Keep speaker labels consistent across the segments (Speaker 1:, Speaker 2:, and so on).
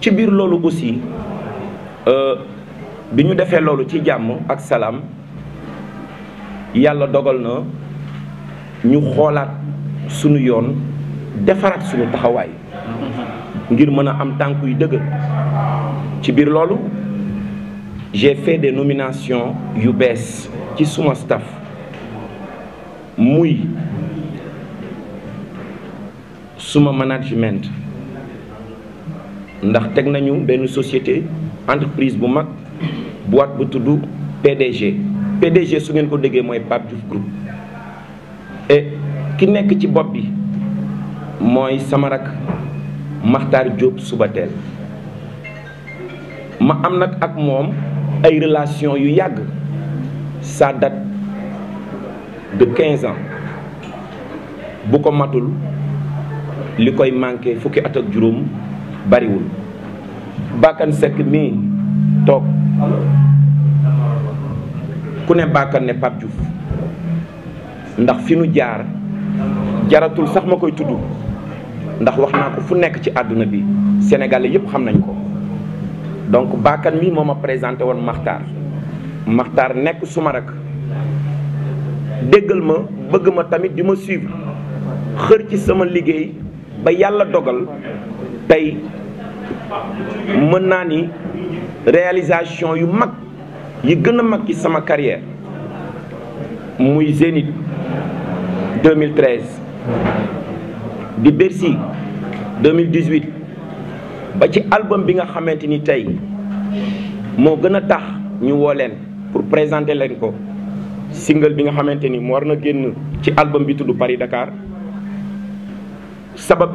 Speaker 1: ci lolo aussi euh biñu défé loolu ci jamm ak salam yalla dogal na ñu xoolaat suñu yoon defaraat suñu taxaway ngir mëna am tanku yu dëgg ci j'ai fait des nominations yu qui ci suma staff muy suma management ndax teg nañu benn société entreprise bu mag bu boîte bu tudd PDG PDG su ngeen ko déggee mooy Pape Diouf Group et ki nekk ci bopp bi mooy sama maxtar Makhtar suba teel ma am nag ak moom ay relation yu yàgg ça de 15 ans bu ko matul li koy manqué fukki at ak juróom bariwul bàkkan sekk mii toog ku ne bàkkan ne Pape Diouf ndax fi nu jaar jaratul sax ma koy tudd ndax wax naa ko fu nekk ci àdduna bi sénégalais yépp xam nañ ko donc bàkkan mii moom ma présenté woon Maxtaar Maxtaar nekk suma rak déggal ma bëgg ma tamit di ma suivre xër ci sama liggéey ba yàlla dogal tey mën réalisation yu mag yi carrière muy Zénith 2013 di Bercy 2018 ba ci album bi nga xamante ni tey moo tax ñu pour présenter leen single bi nga xamante ni mu war na ci album bi Paris Dakar sabab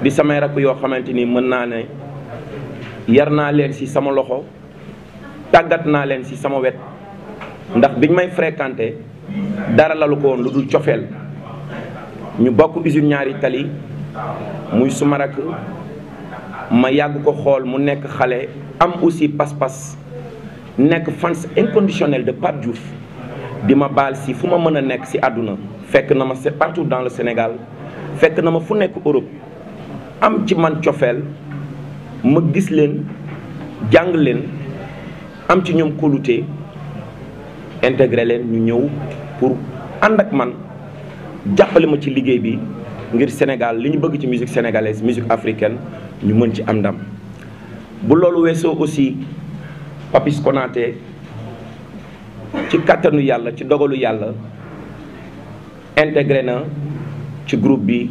Speaker 1: di samay rakk yoo xamante ni mën naa ne yar naa leen ci sama loxo tàggat naa leen ci sama wet ndax biñ may fréquenté dara lalu ko lu dul cofeel ñu bokk usine ñaari tali muy suma rakk ma yàgg ko xool mu nekk xale am aussi pas-pas nekk fans inconditionnel de part Diouf bi ma baal si fu ma mën a nekk si àdduna fekk na ma partout dans le Sénégal fekk na ma fu nekk Europe am ci man cofeel ma gis leen jàng leen am ci ñoom kóolute intégré leen ñu ñëw pour ànd ak man jàppale ma ci liggéey bi ngir Sénégal li ñu bëgg ci musique sénégalaise musique africaine ñu mën ci am ndam bu loolu weesoo aussi Papis Konaté ci kàttanu yàlla ci dogalu yàlla intégré na ci groupe bi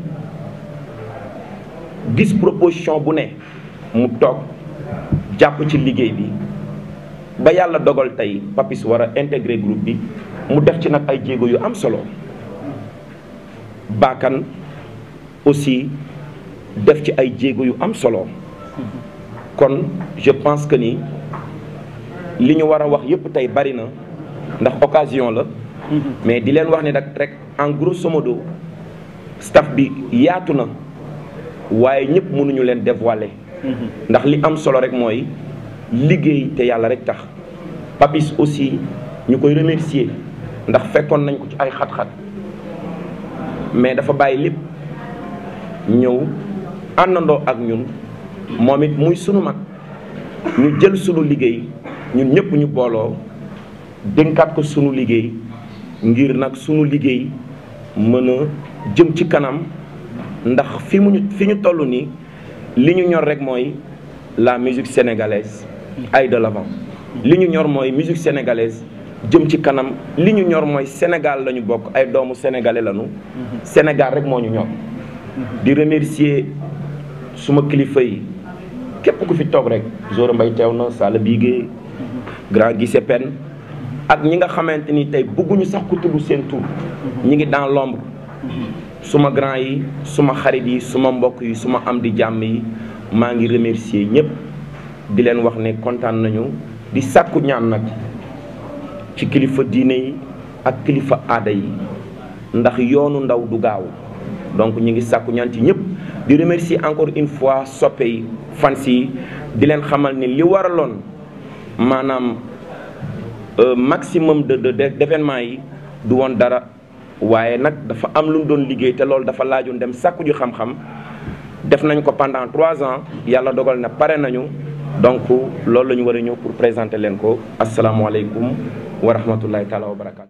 Speaker 1: gis proposition bu ne mu tok japp ci liguey bi ba yalla dogal tay Papis wara intégrer intégré groupe bi mu def ci nak ay djego yu am solo aussi def ci ay djego yu am solo kon je pense que ni liñu wara wax yépp tay bari na ndax occasion la mhm. mais di len wax ni nak rek en grosso modo staff bi yatuna waaye ñëpp mënuñu leen dévoiler. Mhm. ndax li am solo rek mooy liggéey te yàlla rek tax Papis aussi ñu koy remercier ndax fekkoon nañ ko ci ay xat-xat mais dafa bàyyi lépp ñëw àndandoo ak ñun moom it muy sunu mag ñu jël sunu liggéey ñun ñëpp ñu booloo dénkaat ko sunu liggéey ngir nag sunu liggéey mën a jëm ci kanam ndax fi mu fi la musique sénégalaise aille de l'avant La musique sénégalaise jëm ci kanam li ñor Sénégal la ay doomu sénégalais lañu. Sénégal rek moo ñor. di remercier suma kilifa yi képp ku fi toog rek Zora Mbaye na Sala Grand Guy ak ñi nga xamante sax ku dans l'ombre suma grand yi suma xarit yi suma mbokk yi suma am di jàmm yi maa ngi remercier ñëpp di leen wax ne kontaan nañu di sàkku ñaan nag ci kilifa diine yi ak kilifa aada yi ndax yoonu ndaw du gaaw donc ñu ngi sàkku ñaan ci ñëpp di remercier encore une fois soppe yi fans yi di leen xamal ni li waraloon maanaam euh, maximum de de d'événement yi du woon dara waaye nag dafa am lu mu doon liggéey te loolu dafa laajoon dem sàkku ju xam-xam def nañ ko pendant trois ans yàlla dogal na pare nañu donc loolu la ñu war ñëw pour présenter leen ko asalaamualeykum wa rahmatullahi taala wa barakaatu.